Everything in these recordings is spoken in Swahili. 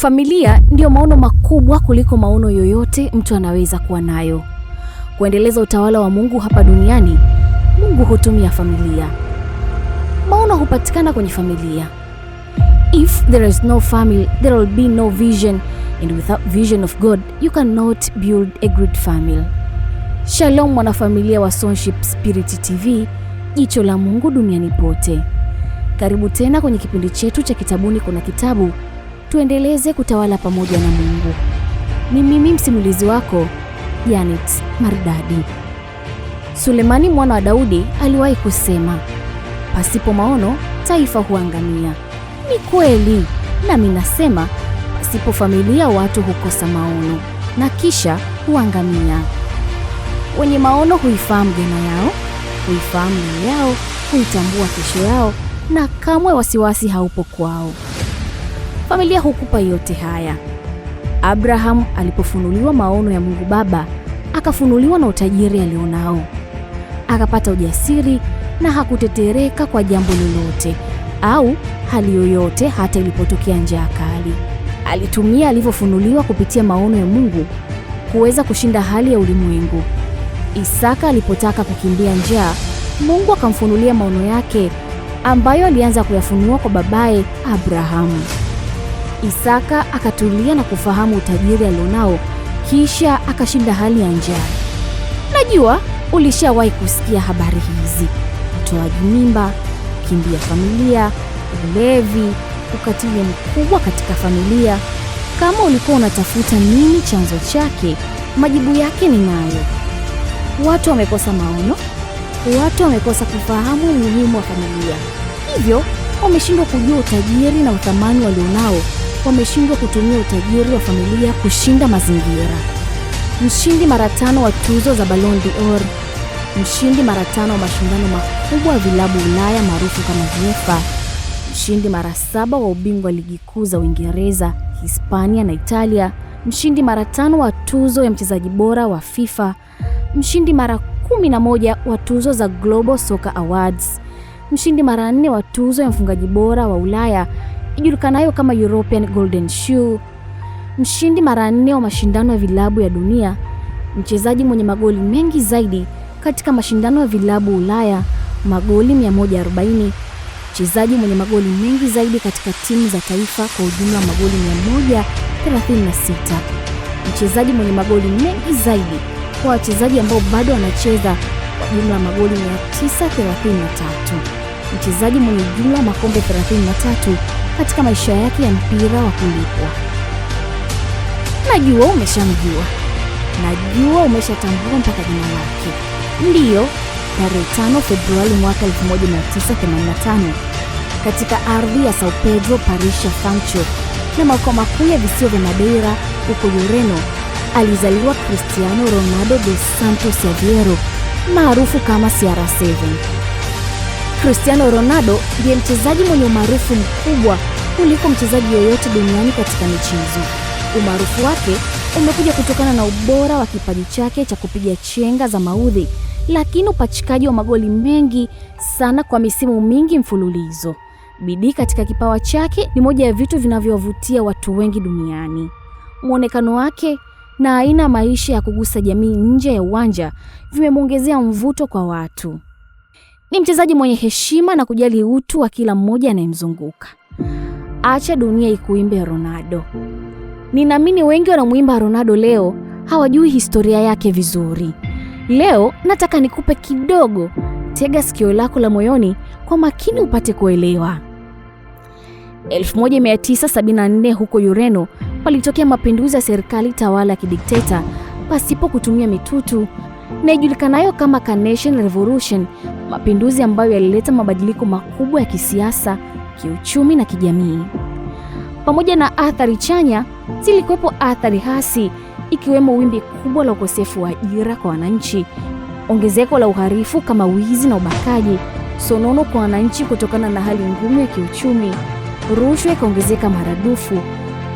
Familia ndiyo maono makubwa kuliko maono yoyote mtu anaweza kuwa nayo. Kuendeleza utawala wa Mungu hapa duniani, Mungu hutumia familia. Maono hupatikana kwenye familia. If there is no family, there will be no vision, and without vision of God, you cannot build a great family. Shalom mwanafamilia wa Sonship Spirit TV, jicho la Mungu duniani pote. Karibu tena kwenye kipindi chetu cha Kitabuni Kuna Kitabu tuendeleze kutawala pamoja na Mungu. Ni mimi msimulizi wako Janet Maridadi. Sulemani mwana wa Daudi aliwahi kusema, pasipo maono taifa huangamia. Ni kweli, nami nasema pasipo familia watu hukosa maono na kisha huangamia. Wenye maono huifahamu jana yao, huifahamu leo yao, huitambua kesho yao, na kamwe wasiwasi haupo kwao familia hukupa yote haya. Abrahamu alipofunuliwa maono ya Mungu Baba, akafunuliwa na utajiri alionao, akapata ujasiri na hakutetereka kwa jambo lolote au hali yoyote, hata ilipotokea njaa kali. Alitumia alivyofunuliwa kupitia maono ya Mungu kuweza kushinda hali ya ulimwengu. Isaka alipotaka kukimbia njaa, Mungu akamfunulia maono yake ambayo alianza kuyafunua kwa babaye Abrahamu. Isaka akatulia na kufahamu utajiri alionao, kisha akashinda hali ya njaa. Najua ulishawahi kusikia habari hizi: utoaji mimba, kimbia familia, ulevi, ukatili mkubwa katika familia. Kama ulikuwa unatafuta nini chanzo chake, majibu yake ni nayo. Watu wamekosa maono, watu wamekosa kufahamu umuhimu wa familia, hivyo wameshindwa kujua utajiri na uthamani walionao wameshindwa kutumia utajiri wa familia kushinda mazingira. Mshindi mara tano wa tuzo za Ballon d'Or, mshindi mara tano wa mashindano makubwa ya vilabu Ulaya maarufu kama UEFA, mshindi mara saba wa ubingwa wa ligi kuu za Uingereza, Hispania na Italia, mshindi mara tano wa tuzo ya mchezaji bora wa FIFA, mshindi mara moja wa tuzo za Global Soccer Awards, mshindi mara nne wa tuzo ya mfungaji bora wa Ulaya ijulikanayo kama European Golden Shoe, mshindi mara nne wa mashindano ya vilabu ya dunia, mchezaji mwenye magoli mengi zaidi katika mashindano ya vilabu Ulaya, magoli 140, mchezaji mwenye magoli mengi zaidi katika timu za taifa kwa ujumla magoli 136, mchezaji mwenye magoli mengi zaidi kwa wachezaji ambao bado wanacheza kwa jumla magoli 933, mchezaji mwenye jumla makombe 33 katika maisha yake ya mpira wa kulipwa. Najua umeshamjua, najua umeshatambua mpaka jina lake. Ndiyo, tarehe 5 Februari mwaka 1985 katika ardhi ya Sao Pedro Parisha Sancho na makao makuu ya visio vya Madeira huko Ureno alizaliwa Cristiano Ronaldo dos Santos Aveiro maarufu kama CR7. Cristiano Ronaldo ndiye mchezaji mwenye umaarufu mkubwa kuliko mchezaji yoyote duniani katika michezo. Umaarufu wake umekuja kutokana na ubora wa kipaji chake cha kupiga chenga za maudhi, lakini upachikaji wa magoli mengi sana kwa misimu mingi mfululizo. Bidii katika kipawa chake ni moja ya vitu vinavyowavutia watu wengi duniani. Mwonekano wake na aina maisha ya kugusa jamii nje ya uwanja vimemwongezea mvuto kwa watu. Ni mchezaji mwenye heshima na kujali utu wa kila mmoja anayemzunguka. Acha dunia ikuimbe Ronaldo. Ninaamini wengi wanamwimba Ronaldo leo hawajui historia yake vizuri. Leo nataka nikupe kidogo, tega sikio lako la moyoni kwa makini upate kuelewa. 1974 huko Ureno palitokea mapinduzi ya serikali tawala ya kidikteta pasipo kutumia mitutu na ijulikanayo kama Carnation Revolution mapinduzi ambayo yalileta mabadiliko makubwa ya kisiasa, kiuchumi na kijamii. Pamoja na athari chanya, zilikuwepo athari hasi, ikiwemo wimbi kubwa la ukosefu wa ajira kwa wananchi, ongezeko la uhalifu kama wizi na ubakaji, sonono kwa wananchi kutokana na hali ngumu ya kiuchumi, rushwa ikaongezeka maradufu.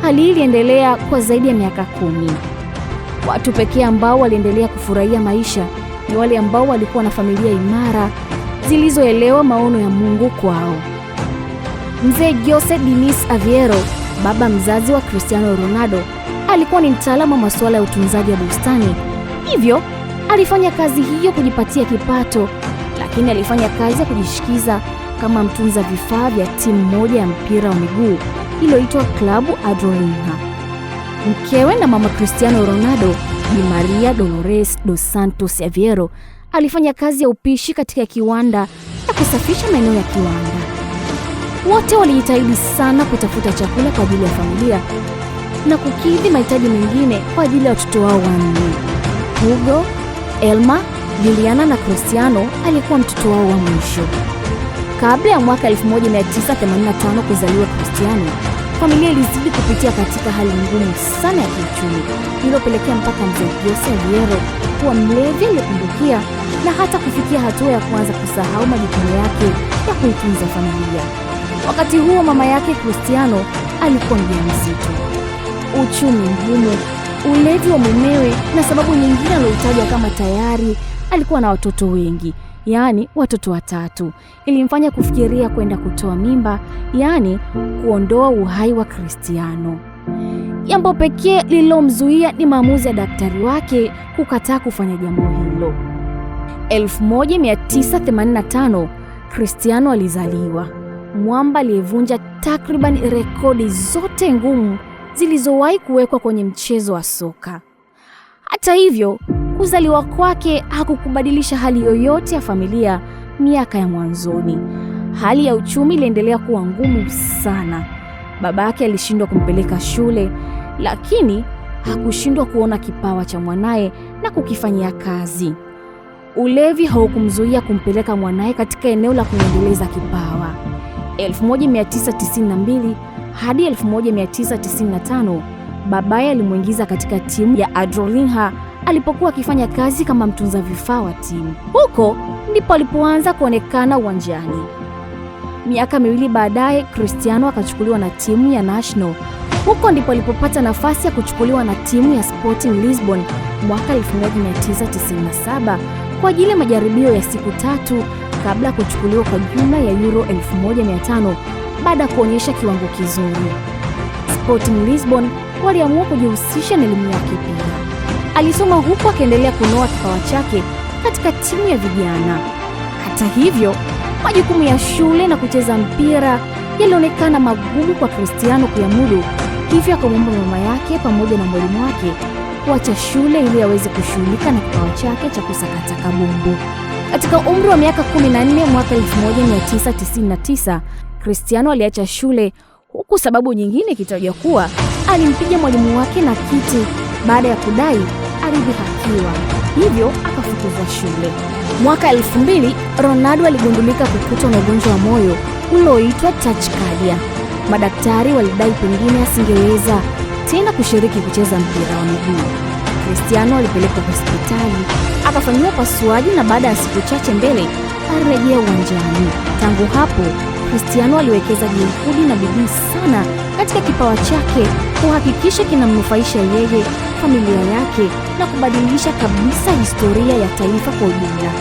Hali hii iliendelea kwa zaidi ya miaka kumi. Watu pekee ambao waliendelea kufurahia maisha ni wale ambao walikuwa na familia imara zilizoelewa maono ya Mungu kwao. Mzee Jose Dinis Aviero, baba mzazi wa Cristiano Ronaldo, alikuwa ni mtaalamu wa masuala ya utunzaji wa bustani, hivyo alifanya kazi hiyo kujipatia kipato, lakini alifanya kazi ya kujishikiza kama mtunza vifaa vya timu moja ya mpira wa miguu iliyoitwa klabu Adroinha. Mkewe na mama Cristiano Ronaldo, Bi Maria Dolores dos Santos Aveiro alifanya kazi ya upishi katika kiwanda na kusafisha maeneo ya kiwanda. Wote walijitahidi sana kutafuta chakula kwa ajili ya familia na kukidhi mahitaji mengine kwa ajili ya watoto wao wanne. Hugo, Elma, Juliana na Cristiano aliyekuwa mtoto wao wa mwisho. Kabla ya mwaka 1985 kuzaliwa Cristiano Familia ilizidi kupitia katika hali ngumu sana ya kiuchumi iliyopelekea mpaka mzee Jose Aliero kuwa mlevi aliyepindukia na hata kufikia hatua ya kuanza kusahau majukumu yake ya kuitunza familia. Wakati huo mama yake Cristiano alikuwa mjamzito. Uchumi mgumu, ulevi wa mumewe na sababu nyingine aliyotajwa kama tayari alikuwa na watoto wengi yaani watoto watatu. Ilimfanya kufikiria kwenda kutoa mimba, yaani kuondoa uhai wa Kristiano. Jambo pekee lililomzuia ni maamuzi ya daktari wake kukataa kufanya jambo hilo. 1985 Kristiano alizaliwa, mwamba aliyevunja takriban rekodi zote ngumu zilizowahi kuwekwa kwenye mchezo wa soka. Hata hivyo, Kuzaliwa kwake hakukubadilisha hali yoyote ya familia. Miaka ya mwanzoni, hali ya uchumi iliendelea kuwa ngumu sana. Babake alishindwa kumpeleka shule, lakini hakushindwa kuona kipawa cha mwanaye na kukifanyia kazi. Ulevi haukumzuia kumpeleka mwanaye katika eneo la kuendeleza kipawa. 1992 hadi 1995 babaye alimwingiza katika timu ya Adrolinha alipokuwa akifanya kazi kama mtunza vifaa wa timu. Huko ndipo alipoanza kuonekana uwanjani. Miaka miwili baadaye, Cristiano akachukuliwa na timu ya National. Huko ndipo alipopata nafasi ya kuchukuliwa na timu ya Sporting Lisbon mwaka 1997 kwa ajili ya majaribio ya siku tatu kabla ya kuchukuliwa kwa jumla ya euro 1500 baada ya kuonyesha kiwango kizuri. Sporting Lisbon waliamua kujihusisha na elimu yake pia alisoma huku akiendelea kunoa kipawa chake katika timu ya vijana. Hata hivyo, majukumu ya shule na kucheza mpira yalionekana magumu kwa kristiano kuyamudu, hivyo akamwomba mama yake pamoja na mwalimu wake kuacha shule ili aweze kushughulika na kipawa chake cha kusakata kabumbu. Katika umri wa miaka 14 mwaka 1999 kristiano aliacha shule, huku sababu nyingine ikitajwa kuwa alimpiga mwalimu wake na kiti baada ya kudai alidhihakiwa, hivyo akafukuzwa shule. Mwaka elfu mbili Ronaldo aligundulika kukutwa na ugonjwa wa moyo ulioitwa tachycardia. Madaktari walidai pengine asingeweza tena kushiriki kucheza mpira wa miguu. Cristiano alipelekwa hospitali akafanyiwa upasuaji na baada ya siku chache mbele arejea uwanjani. Tangu hapo Cristiano aliwekeza juhudi na bidii sana katika kipawa chake kuhakikisha kinamnufaisha yeye familia yake na kubadilisha kabisa historia ya taifa kwa ujumla.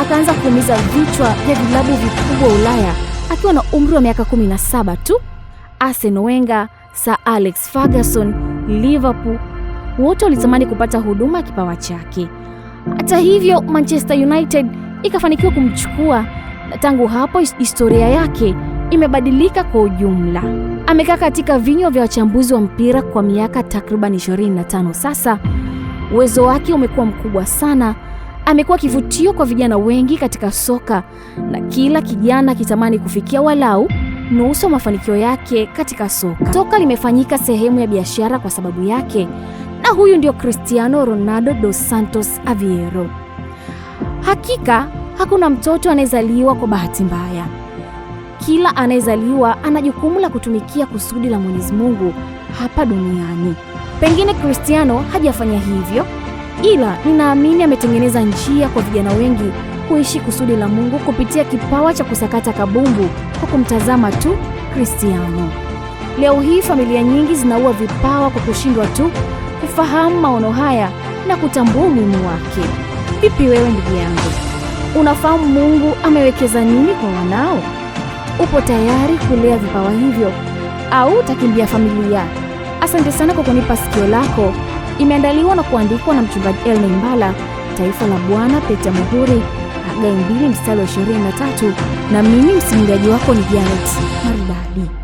Akaanza kuumiza vichwa vya vilabu vikubwa Ulaya akiwa na umri wa miaka 17 tu. Arsene Wenger, Sir Alex Ferguson, Liverpool wote walitamani kupata huduma ya kipawa chake. Hata hivyo, Manchester United ikafanikiwa kumchukua na tangu hapo historia yake imebadilika kwa ujumla. Amekaa katika vinywa vya wachambuzi wa mpira kwa miaka takriban 25 sasa. Uwezo wake umekuwa mkubwa sana. Amekuwa kivutio kwa vijana wengi katika soka na kila kijana akitamani kufikia walau nusu mafanikio yake katika soka. Soka limefanyika sehemu ya biashara kwa sababu yake, na huyu ndio Cristiano Ronaldo dos Santos Aveiro. Hakika hakuna mtoto anayezaliwa kwa bahati mbaya kila anayezaliwa ana jukumu la kutumikia kusudi la Mwenyezi Mungu hapa duniani. Pengine kristiano hajafanya hivyo, ila ninaamini ametengeneza njia kwa vijana wengi kuishi kusudi la Mungu kupitia kipawa cha kusakata kabumbu kwa kumtazama tu kristiano Leo hii familia nyingi zinaua vipawa kwa kushindwa tu kufahamu maono haya na kutambua umuhimu wake. Vipi wewe ndugu yangu? Unafahamu Mungu amewekeza nini kwa wanao? Upo tayari kulea vipawa hivyo au utakimbia familia? Asante sana kwa kunipa sikio lako. Imeandaliwa na kuandikwa na mchungaji elna imbala taifa la Bwana, Pete Muhuri, Hagai 2 mstari wa 23, na mimi msimuliaji wako ni Janet maribadi